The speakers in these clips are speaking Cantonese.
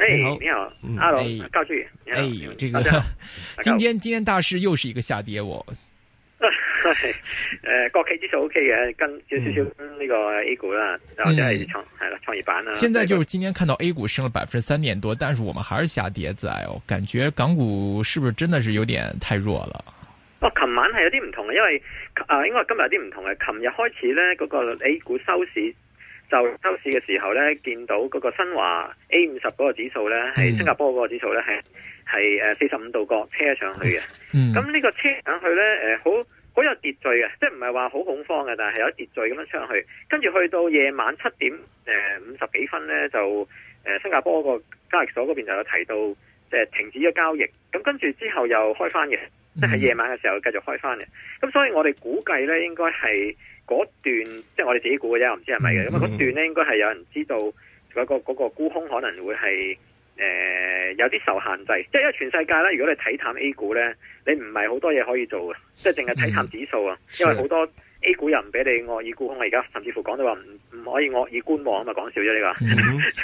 Hey, 你好，你好啊啊、你好哎，你好，嗯，哎，高旭，哎，這個，今天今天大市又是一個下跌，我，呃，呃，國企指數 OK 嘅，跟少少呢個 A 股啦，然、嗯、後就係創係啦，創業板啦。現在就是今天看到 A 股升了百分之三點多，但是我們還是下跌在，子哎感覺港股是不是真的是有點太弱了？哦，琴晚係有啲唔同嘅，因為啊、呃，應該今日有啲唔同嘅，琴日開始咧，嗰、這個 A 股收市。就收市嘅時候咧，見到嗰個新華 A 五十嗰個指數咧，係、嗯、新加坡嗰個指數咧，係係誒四十五度角車上去嘅。咁、嗯、呢個車上去咧，誒好好有秩序嘅，即係唔係話好恐慌嘅，但係有秩序咁樣上去。跟住去到夜晚七點誒五十幾分咧，就誒、呃、新加坡嗰個交易所嗰邊就有提到，即係停止咗交易。咁跟住之後又開翻嘅，即、嗯、係、就是、夜晚嘅時候繼續開翻嘅。咁所以我哋估計咧，應該係。嗰段即係我哋自己估嘅啫，唔知係咪嘅。因為嗰段咧，應該係有人知道嗰、那個嗰、那個沽空可能會係誒、呃、有啲受限制。即係因為全世界咧，如果你睇淡 A 股咧，你唔係好多嘢可以做嘅，即係淨係睇淡指數啊、嗯。因為好多 A 股又唔俾你惡意沽空，而家甚至乎講到話唔唔可以惡意觀望啊，咪、就、講、是、笑咗呢個。嗯、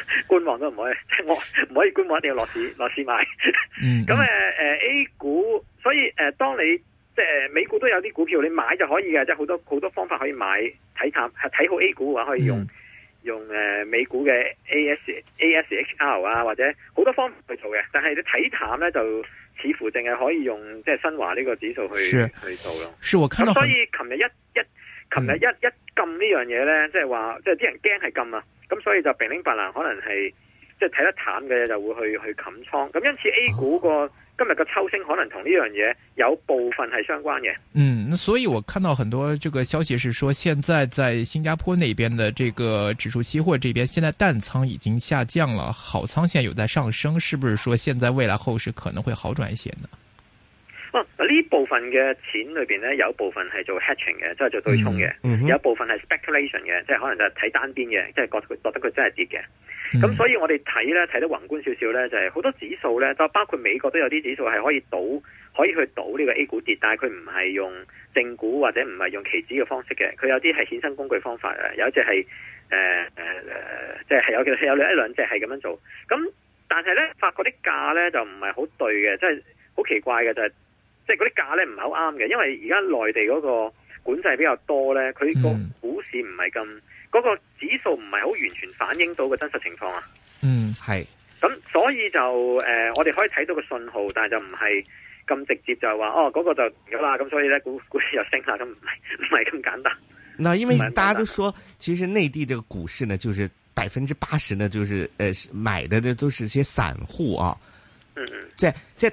觀望都唔可以，即係我唔可以觀望，一定要落市落市賣。咁誒誒 A 股，所以誒、呃、當你。即係美股都有啲股票你買就可以嘅，即係好多好多方法可以買睇淡，係睇好 A 股嘅話可以用用誒美股嘅 A S A S H R 啊，或者好多方法去做嘅。但係你睇淡呢，就似乎淨係可以用即係新華呢個指數去去做咯。所以琴日一一琴日一一禁呢樣嘢呢，即係話即係啲人驚係禁啊，咁所以就零零白蘭可能係即係睇得淡嘅就會去去冚倉，咁因此 A 股個。哦今日嘅抽升可能同呢樣嘢有部分係相關嘅。嗯，所以我看到很多這個消息是說，現在在新加坡那邊的這個指數期貨這邊，現在淡倉已經下降了，好倉現在有在上升，是不是說現在未來後市可能會好轉一些呢？呢部分嘅錢裏邊咧，有一部分係做 hedging 嘅，即係做對沖嘅、嗯嗯；有一部分係 speculation 嘅，即係可能就係睇單邊嘅，即係覺得佢覺得佢真係跌嘅。咁、嗯、所以我哋睇咧，睇得宏觀少少咧，就係、是、好多指數咧，就包括美國都有啲指數係可以賭可以去賭呢個 A 股跌，但係佢唔係用正股或者唔係用期指嘅方式嘅，佢有啲係衍生工具方法誒，有一隻係誒誒誒，即係係有其實有一兩,兩隻係咁樣做。咁但係咧，發覺啲價咧就唔係好對嘅，即係好奇怪嘅就係、是。即係嗰啲價咧唔係好啱嘅，因為而家內地嗰個管制比較多咧，佢個股市唔係咁，嗰、嗯那個指數唔係好完全反映到個真實情況啊。嗯，係。咁、嗯、所以就誒、呃，我哋可以睇到個信號，但係就唔係咁直接就話、是、哦，嗰、那個就有啦。咁所以咧，股股市又升下，咁唔係唔係咁簡單。嗱因為大家都說，其實內地這個股市呢，就是百分之八十呢，就是誒、呃，買的都是些散戶啊。嗯嗯。在在。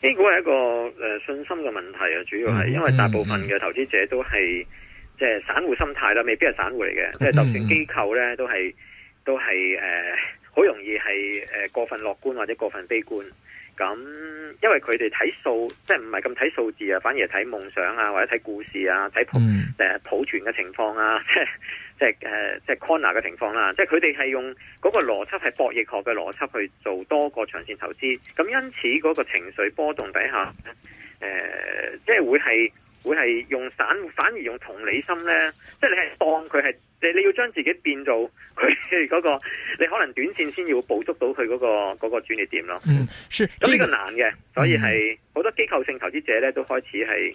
呢個係一個誒、呃、信心嘅問題啊，主要係因為大部分嘅投資者都係即係散戶心態啦，未必係散戶嚟嘅，即、嗯、係就算機構咧都係都係誒好容易係誒、呃、過分樂觀或者過分悲觀。咁，因為佢哋睇數，即係唔係咁睇數字啊，反而係睇夢想啊，或者睇故事啊，睇誒抱團嘅情況啊，即係即係誒、呃、即係 corner 嘅情況啦、啊。即係佢哋係用嗰個邏輯係博弈學嘅邏輯去做多個長線投資。咁因此嗰個情緒波動底下，誒、呃、即係會係會係用散，反而用同理心咧，即係你係當佢係。你你要將自己變到佢嗰個，你可能短綫先要捕捉到佢嗰個嗰個轉捩點咯。嗯，咁呢、這個這是難嘅，所以係好多機構性投資者咧都開始係。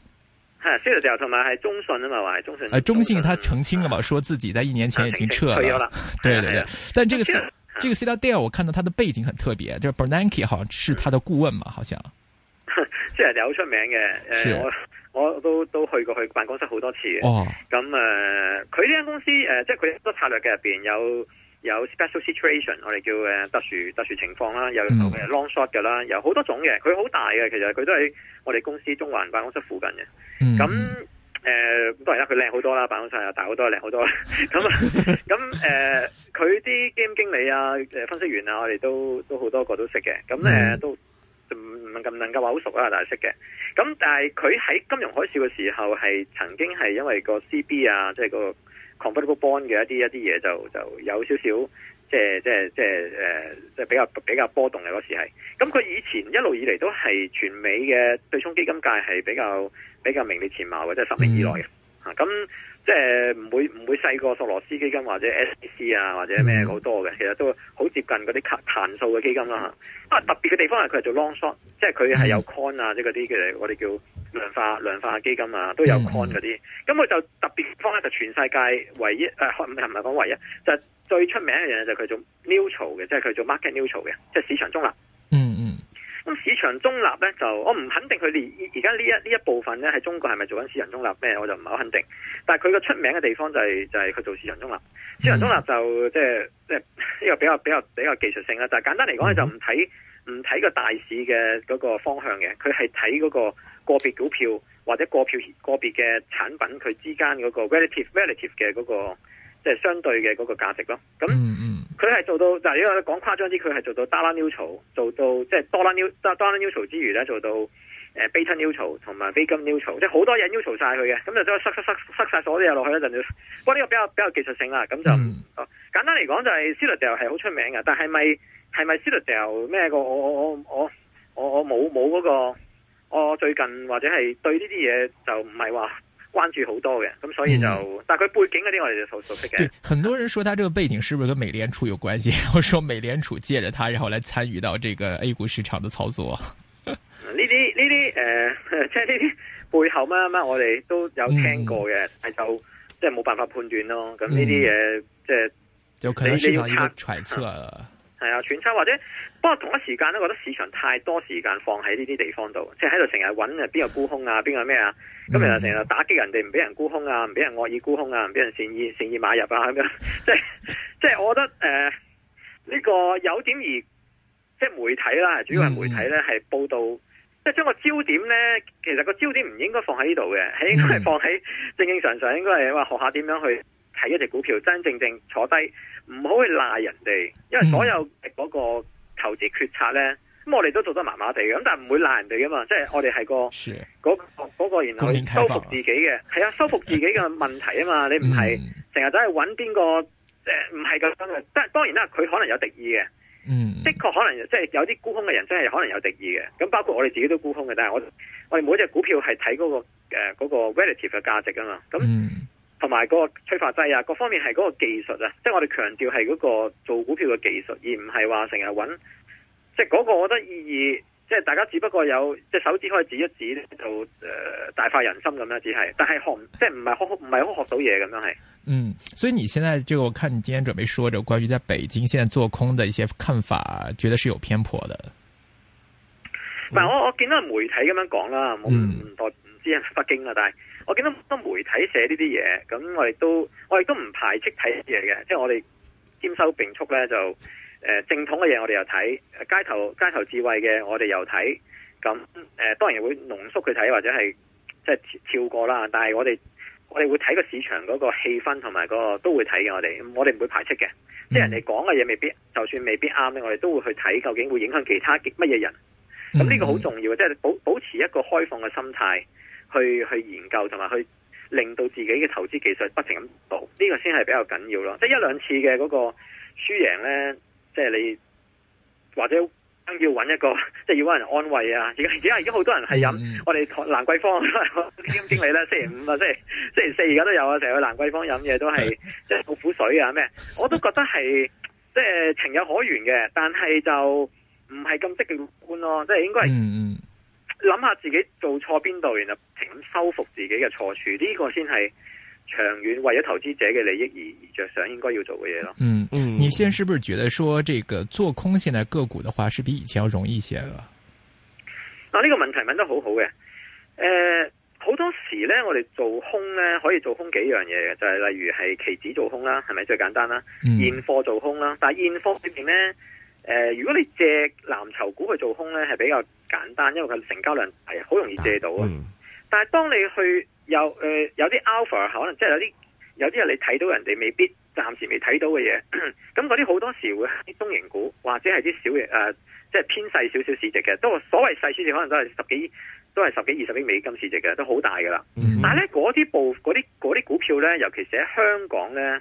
係 Citadel 同埋係中信啊嘛，話係中信。誒，中信佢澄清了嘛、啊，說自己在一年前已經撤了，清清了對對對，啊、但這個 C、啊、這個 Citadel 我看到他的背景很特別，就、啊這個、Bernanke 好像是他的顧問嘛，好像。即係好出名嘅，誒、呃，我我都都去過去辦公室好多次嘅。哦，咁、嗯、誒，佢呢間公司誒、呃，即係佢好多策略嘅入邊有。有 special situation，我哋叫特殊特殊情況啦，有 long shot 嘅啦，有好多種嘅，佢好大嘅，其實佢都喺我哋公司中環辦公室附近嘅。咁、嗯、誒、呃，當然啦，佢靚好多啦，辦公室又大好多，靚好多。咁咁誒，佢啲 game 經理啊、呃、分析員啊，我哋都都好多個都識嘅。咁誒、嗯呃、都唔唔能夠話好熟啊，但係識嘅。咁但係佢喺金融海嘯嘅時候係曾經係因為個 CB 啊，即、就、係、嗰個。Convertible bond 嘅一啲一啲嘢就就有少少即即即誒、呃、即比較比較波動嘅嗰時係，咁佢以前一路以嚟都係全美嘅對沖基金界係比較比較名列前茅或者十年以內嘅嚇，咁、嗯啊、即唔會唔會細過索羅斯基金或者 SEC 啊或者咩好多嘅，其實都好接近嗰啲彈彈數嘅基金啦嚇。啊特別嘅地方係佢係做 long short，即係佢係有 coin 啊即嗰啲嘅我哋叫。量化量化基金啊，都有 coin 嗰啲，咁、mm-hmm. 佢就特別方咧就全世界唯一誒，唔係唔係講唯一，就是、最出名嘅嘢就佢做 neutral 嘅，即係佢做 market neutral 嘅，即、就、係、是、市場中立。嗯嗯。咁市場中立咧，就我唔肯定佢哋而家呢一呢一部分咧，喺中國係咪做緊市場中立咩？我就唔係好肯定。但係佢個出名嘅地方就係、是、就係、是、佢做市場中立。市場中立就即係即係呢個比較比較比較技術性啦。就是、簡單嚟講咧，就唔睇。唔睇個大市嘅嗰個方向嘅，佢係睇嗰個個別股票或者個票個別嘅產品，佢之間嗰個 relative relative 嘅嗰、那個即係、就是、相對嘅嗰個價值咯。咁佢係做到，嗱如果講誇張啲，佢係做到 dollar neutral 做到即係 dollar neutral 之餘咧做到。就是誒，beta neutral 同埋 big neutral 即係好多人 neutral 晒佢嘅，咁就將塞塞塞塞晒所有嘢落去一陣了。不過呢個比較比較技術性啦，咁就、嗯、簡單嚟講就係 Citadel 係好出名嘅，但係咪係咪 Citadel 咩個？我我我我我我冇冇嗰個我最近或者係對呢啲嘢就唔係話關注好多嘅，咁所以就、嗯、但係佢背景嗰啲我哋就熟熟悉嘅。對，很多人說他這個背景是不是跟美聯儲有關係？ 我說美聯儲借着他然後來參與到這個 A 股市場的操作。呢啲呢啲誒，即係呢啲背後乜乜我哋都有聽過嘅，係、嗯、就即係冇辦法判斷咯。咁呢啲嘢，即係你你要猜測，係、嗯、啊，揣測或者不過同一時間咧，覺得市場太多時間放喺呢啲地方度，即係喺度成日揾啊邊個沽空啊，邊個咩啊，咁又成日打擊人哋，唔俾人沽空啊，唔俾人惡意沽空啊，唔俾人善意善意買入啊咁樣，樣，即係即係我覺得誒呢、呃這個有點兒即係媒體啦、嗯，主要係媒體咧係報道。即係將個焦點咧，其實個焦點唔應該放喺呢度嘅，係應該放喺正正常常應該係話學下點樣去睇一隻股票，真正正坐低，唔好去賴人哋。因為所有嗰個投資決策咧，咁我哋都做得麻麻地嘅，咁但係唔會賴人哋噶嘛。嗯、即係我哋係個嗰、嗰個然後修復自己嘅，係啊，修復自己嘅問題啊嘛。嗯、你唔係成日都係揾邊個，唔係咁樣。當然啦，佢可能有敵意嘅。嗯，的確可能即係、就是、有啲沽空嘅人真係可能有敵意嘅，咁包括我哋自己都沽空嘅，但係我我哋每一隻股票係睇嗰個誒嗰、呃那個 relative 嘅價值啊嘛，咁同埋嗰個催化劑啊，各方面係嗰個技術啊，即、就、係、是、我哋強調係嗰個做股票嘅技術，而唔係話成日搵，即係嗰個我覺得意義。即係大家只不過有隻手指可以指一指就誒、呃、大快人心咁啦，只係，但係學唔即係唔係好唔係好學到嘢咁樣係。嗯，所以你現在就我看你今天準備說著關於在北京現在做空的一些看法，覺得是有偏頗的。唔、嗯、係我我見到媒體咁樣講啦，唔代唔知北京啊，但係我見到多媒體寫呢啲嘢，咁我哋都我亦都唔排斥睇嘢嘅，即係我哋兼收並蓄咧就。誒，正統嘅嘢，我哋又睇，街頭街頭智慧嘅我哋又睇，咁誒、呃，當然會濃縮去睇或者係即係跳過啦。但係我哋我哋會睇個市場嗰個氣氛同埋嗰個都會睇嘅。我哋我哋唔會排斥嘅、嗯，即係人哋講嘅嘢未必就算未必啱咧，我哋都會去睇究竟會影響其他嘅乜嘢人。咁、嗯、呢個好重要，即、嗯、係、就是、保保持一個開放嘅心態去去研究同埋去令到自己嘅投資技術不停咁步，呢、這個先係比較緊要咯。即係一兩次嘅嗰個輸贏呢。即係你或者要揾一個，即係要揾人安慰啊！而家而家而家好多人係飲、嗯、我哋蘭桂坊，啲、嗯、 基金經理咧星期五啊，即係星期四而家都有啊！成日去蘭桂坊飲嘢，都係即係好苦水啊咩？我都覺得係即係情有可原嘅，但係就唔係咁積極樂觀咯、啊。即係應該諗下自己做錯邊度，然後請修復自己嘅錯處，呢、這個先係長遠為咗投資者嘅利益而而着想，應該要做嘅嘢咯。嗯，你現在是不是覺得說，這個做空現在個股的話，是比以前要容易一些啦、嗯？啊，呢、這個問題問得很好好嘅。誒、呃，好多時咧，我哋做空咧可以做空幾樣嘢嘅，就係、是、例如係期指做空啦，係咪最簡單啦？現、嗯、貨做空啦，但係現貨呢邊咧，誒，如果你借藍籌股去做空咧，係比較簡單，因為佢成交量係好容易借到啊。嗯但係，當你去有誒、呃、有啲 alpha，可能即係有啲有啲人你睇到人哋未必，暫時未睇到嘅嘢，咁嗰啲好多時候會喺中型股，或者係啲小型誒，即、呃、係、就是、偏細少少市值嘅，都所謂細少少，可能都係十幾，都係十幾二十億美金市值嘅，都好大㗎喇。Mm-hmm. 但係咧，嗰啲部嗰啲啲股票咧，尤其是喺香港咧，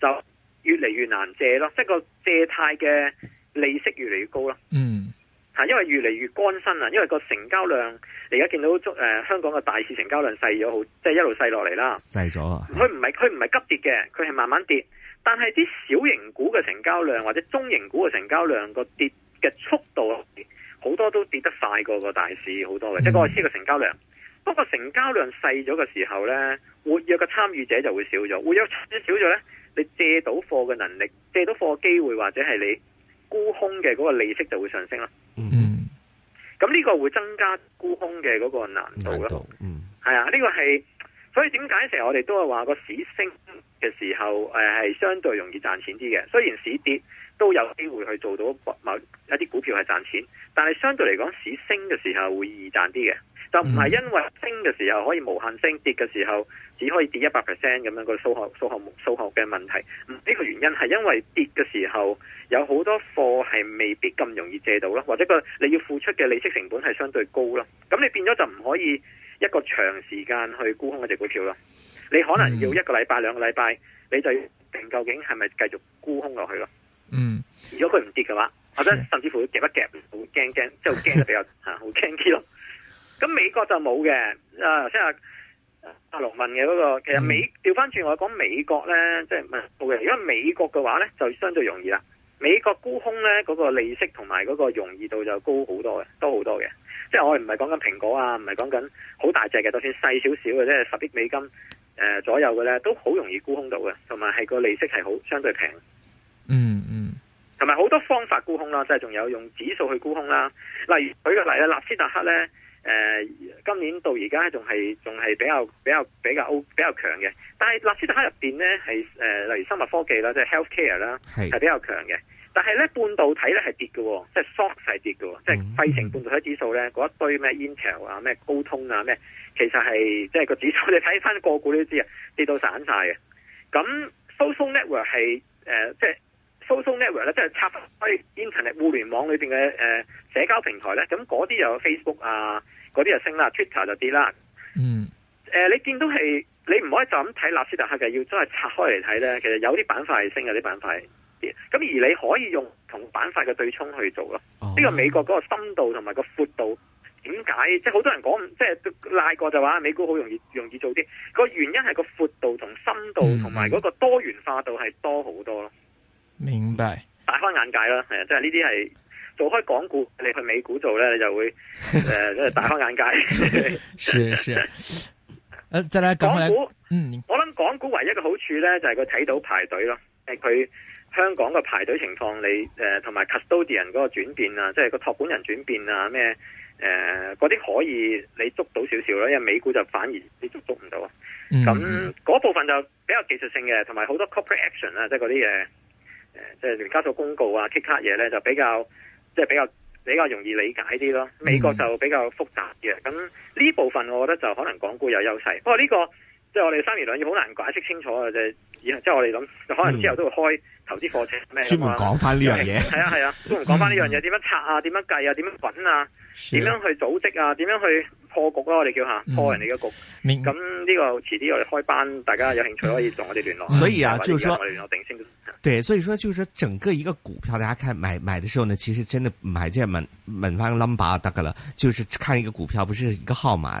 就越嚟越難借咯，即、就、係、是、個借貸嘅利息越嚟越高咯。嗯、mm-hmm.。吓，因為越嚟越乾身啊，因為個成交量你而家見到誒、呃、香港嘅大市成交量細咗，好即係一路細落嚟啦。細咗，佢唔係佢唔係急跌嘅，佢係慢慢跌。但係啲小型股嘅成交量或者中型股嘅成交量個跌嘅速度好多都跌得快過個大市好多嘅，即係我係指個成交量。不過成交量細咗嘅時候呢，活躍嘅參與者就會少咗。活躍少咗呢，你借到貨嘅能力、借到貨嘅機會或者係你。沽空嘅嗰個利息就會上升啦，嗯，咁呢個會增加沽空嘅嗰個難度咯，嗯，係啊，呢、這個係，所以點解成日我哋都係話個市升嘅時候，誒、呃、係相對容易賺錢啲嘅，雖然市跌都有機會去做到某一啲股票係賺錢，但係相對嚟講市升嘅時候會易賺啲嘅。就唔係因為升嘅時候可以無限升，嗯、跌嘅時候只可以跌一百 percent 咁樣，個數學數學數學嘅問題。唔、這、呢個原因係因為跌嘅時候有好多貨係未必咁容易借到咯，或者個你要付出嘅利息成本係相對高咯。咁你變咗就唔可以一個長時間去沽空一隻股票咯。你可能要一個禮拜兩個禮拜，你就要定究竟係咪繼續沽空落去咯。嗯，如果佢唔跌嘅話，或者甚至乎夾一夾，好驚驚，即係驚得比較吓，好驚啲咯。咁美國就冇嘅，啊，即係阿龍問嘅嗰個，其實美調翻轉我講美國咧，即係唔係冇嘅。如果美國嘅話咧，就相對容易啦。美國沽空咧，嗰個利息同埋嗰個容易度就高好多嘅，都好多嘅。即係我哋唔係講緊蘋果啊，唔係講緊好大隻嘅，就算細少少嘅，即係十億美金誒左右嘅咧，都好容易沽空到嘅，同埋係個利息係好相對平。嗯嗯，同埋好多方法沽空啦，即係仲有用指數去沽空啦。例如舉個例啊，納斯達克咧。誒、呃，今年到而家仲係仲係比較比較比較 O 比較強嘅，但係納斯達克入邊咧係誒，例如生物科技啦，即、就、係、是、healthcare 啦，係係比較強嘅。但係咧半導體咧係跌嘅，即係 SOX 係跌嘅，mm-hmm. 即係費城半導體指數咧嗰一堆咩 Intel 啊咩高通啊咩，其實係即係個指數，你睇翻個股都知啊，跌到散晒嘅。咁 social network 係誒、呃、即係。social network 咧，即係拆開 internet 互聯網裏邊嘅誒社交平台咧，咁嗰啲又有 Facebook 啊，嗰啲就升啦，Twitter 就跌啦。嗯，誒、呃，你見到係，你唔可以就咁睇納斯達克嘅，要真係拆開嚟睇咧。其實有啲板塊係升，有啲板塊跌。咁而你可以用同板塊嘅對沖去做咯。呢、哦這個美國嗰個深度同埋個闊度，點解即係好多人講，即係拉過就話美股好容易容易做啲？個原因係個闊度同深度同埋嗰個多元化度係多好多咯。嗯嗯明白，大開眼界啦，係即係呢啲係做開港股，你去美股做咧，你就會誒即係大開眼界。是 是，誒即係港股，嗯，我諗港股唯一嘅好處咧就係佢睇到排隊咯，誒佢香港嘅排隊情況，你誒同埋 custodian 嗰個轉變啊，即係個託管人轉變啊，咩誒嗰啲可以你捉到少少啦，因為美股就反而你捉捉唔到，啊、嗯。咁嗰部分就比較技術性嘅，同埋好多 corporate action 啊，即係嗰啲嘢。誒，即係聯交所公告啊，kick cut 嘢咧就比較，即係比較比較容易理解啲咯。美國就比較複雜嘅，咁呢部分我覺得就可能港股有優勢。不過呢個。即係我哋三年兩月好難解釋清楚啊！就係以後即係我哋諗，可能之後都會開投資課程咩？專門講翻呢樣嘢。係啊係啊，專門、啊啊嗯、講翻呢樣嘢，點樣拆啊？點樣計啊？點樣搵啊？點樣去組織啊？點、啊、樣去破局咯、啊？我哋叫下，破人哋嘅局。咁、嗯、呢、這個遲啲、這個、我哋開班，大家有興趣可以同我哋聯絡、嗯啊嗯聯絡嗯嗯。所以啊，就是說，對，所以說，就是整個一個股票，大家看買買嘅時候呢，其實真係買在問問返 number 得㗎啦，就是看一個股票，不是一個號碼。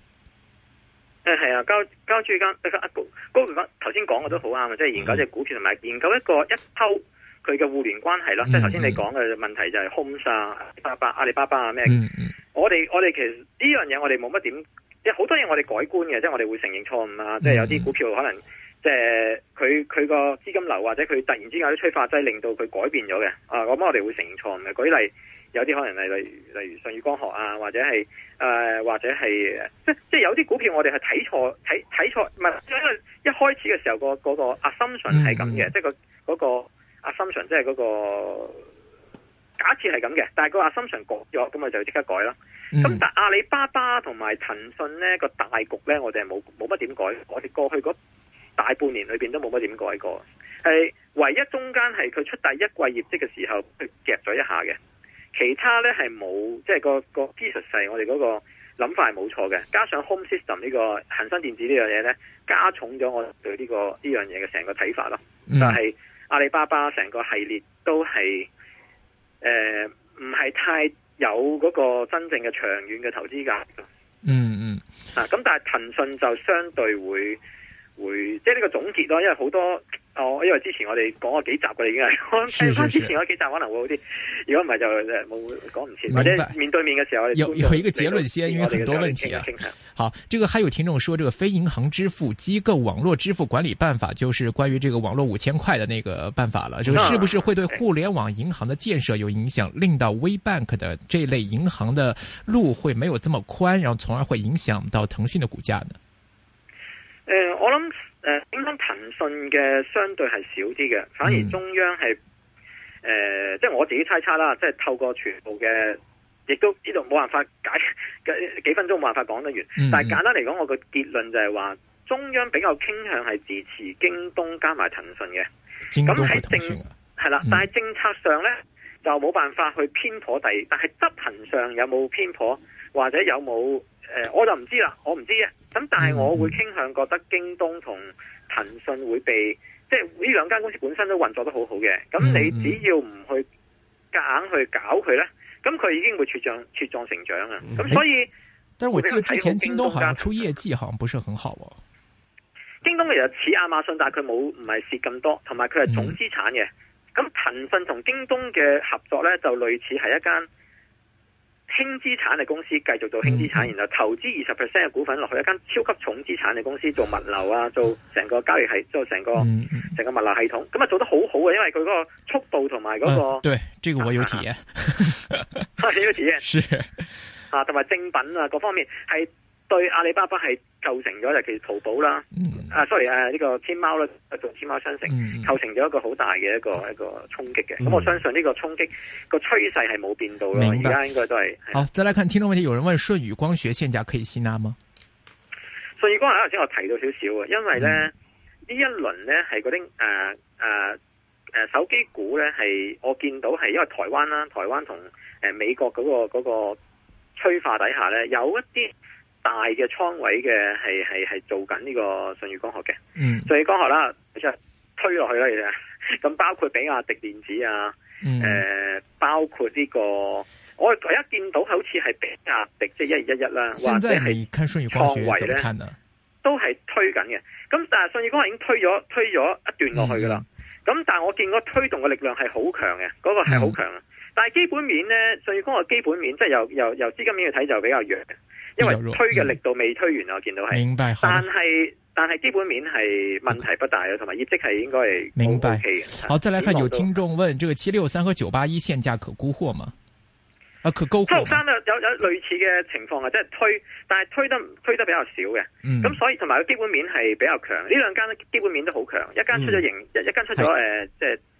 誒、哎，係啊，交交住間，高高高高高高才就是、一個嗰個頭先講嘅都好啱啊，即係研究隻股票同埋研究一個一拋佢嘅互聯關係咯，即係頭先你講嘅問題就係空殺，阿巴阿里巴巴啊咩、嗯哎，我哋我哋其實呢樣嘢我哋冇乜點，即係好多嘢我哋改觀嘅，即、就、係、是、我哋會承認錯誤啊。即、就、係、是、有啲股票可能。即係佢佢個資金流或者佢突然之間啲催化劑令到佢改變咗嘅，啊，咁我哋會承認錯誤嘅。舉例有啲可能係，例如例如信宇光學啊，或者係誒、呃、或者係即即有啲股票我哋係睇錯睇睇錯，唔係因為一開始嘅時候、嗰個嗰、嗰個 assumption 係咁嘅，即、嗯、係、嗯嗰個嗰、嗰個 assumption 即係嗰個假設係咁嘅，但係個 assumption 改咗，咁咪就即刻改啦。咁、嗯、但阿里巴巴同埋騰訊咧個大局咧，我哋係冇冇乜點改，我哋過去嗰。大半年裏邊都冇乜點改過，係唯一中間係佢出第一季業績嘅時候，夾咗一下嘅。其他呢係冇，即係、個個 basis，我哋嗰個諗法係冇錯嘅。加上 Home System 呢、呢個恒生電子呢樣嘢呢，加重咗我對呢、呢個呢樣嘢嘅成個睇、呢個、法咯、嗯。但係阿里巴巴成個系列都係誒，唔、呃、係太有嗰個真正嘅長遠嘅投資價值。嗯嗯，啊咁，但係騰訊就相對會。會即係呢個總結咯，因為好多哦，因為之前我哋講過幾集嘅已經係，翻之前幾集可能會好啲。如果唔係就冇講唔切，或者面對面嘅時候有有一個結論先，因為很多問題啊。好，這個還有聽眾說，這個非銀行支付機構網絡支付管理辦法，就是關於這個網絡五千塊的那個辦法了。這個是不是會對互聯網銀行的建設有影響，令到 WeBank 的這類銀行的路會沒有這麼寬，然後從而會影響到騰訊的股價呢？誒、呃，我諗誒、呃，應該騰訊嘅相對係少啲嘅，反而中央係誒、嗯呃，即係我自己猜測啦，即係透過全部嘅，亦都知道冇辦法解，幾分鐘冇辦法講得完。嗯、但係簡單嚟講，我個結論就係話，中央比較傾向係支持京東加埋騰訊嘅，京東同騰訊係啦。但係政策上咧，就冇辦法去偏頗第二，但係執行上有冇偏頗或者有冇？誒，我就唔知啦，我唔知嘅。咁但係我會傾向覺得京東同騰訊會被，嗯、即係呢兩間公司本身都運作得好好嘅。咁、嗯、你只要唔去硬去搞佢呢，咁佢已經會茁壯茁壯成長啊！咁、嗯、所以，但係我記得我之前京東好像出業績好像不是很好哦、啊。京東其實似亞馬遜，但係佢冇唔係蝕咁多，同埋佢係總資產嘅。咁、嗯、騰訊同京東嘅合作呢，就類似係一間。輕資產嘅公司繼續做輕資產，然後投資二十 percent 嘅股份落去一間超級重資產嘅公司做物流啊，做成個交易系，做成個成、嗯、個物流系統，咁啊做得好好嘅，因為佢嗰個速度同埋、嗰個、嗯、對，這個我有體驗，啊啊 啊、還有體驗是啊，同埋正品啊，各方面係。對阿里巴巴係構成咗，就其實淘寶啦、嗯，啊，sorry 啊，呢、呢個天貓啦，仲天貓商城構成咗一個好大嘅一個、嗯、一個衝擊嘅。咁、嗯、我相信呢個衝擊個趨勢係冇變到咯，而家應該都係。好、啊，再嚟看聽眾問題，有人問舜宇光學現價可以吸納、啊、嗎？舜宇光學頭先我提到少少啊，因為咧呢、嗯、呢一輪咧係嗰啲誒誒誒手機股咧係我見到係因為台灣啦，台灣同誒美國嗰、那個、那個催化底下咧有一啲。大嘅倉位嘅，係係係做緊呢個信宇光學嘅，嗯，信宇光學啦，推落去啦，其實咁包括比亞迪電子啊，誒、嗯呃，包括呢、這個，我一見到好似係比亞迪，即係一二一一啦，現在係看信宇光學咧，都係推緊嘅，咁但係信宇光學已經推咗推咗一段落去噶啦，咁、嗯、但係我見嗰個推動嘅力量係好強嘅，嗰、那個係好強，但係基本面咧，信宇光學基本面即係、就是、由由由資金面去睇就比較弱。因為推嘅力度未推完啊，嗯、我見到係，但係但係基本面係問題不大啊，同、okay. 埋業績係應該係、OK、明白。好，再嚟睇，有聽眾問：這個七六三和九八一現價可沽貨嗎？啊，可沽貨有有，有類似嘅情況啊，即係推，但係推得推得比較少嘅。咁、嗯、所以同埋個基本面係比較強，呢兩間基本面都好強，一間出咗盈、嗯、一間出咗誒、呃，即係。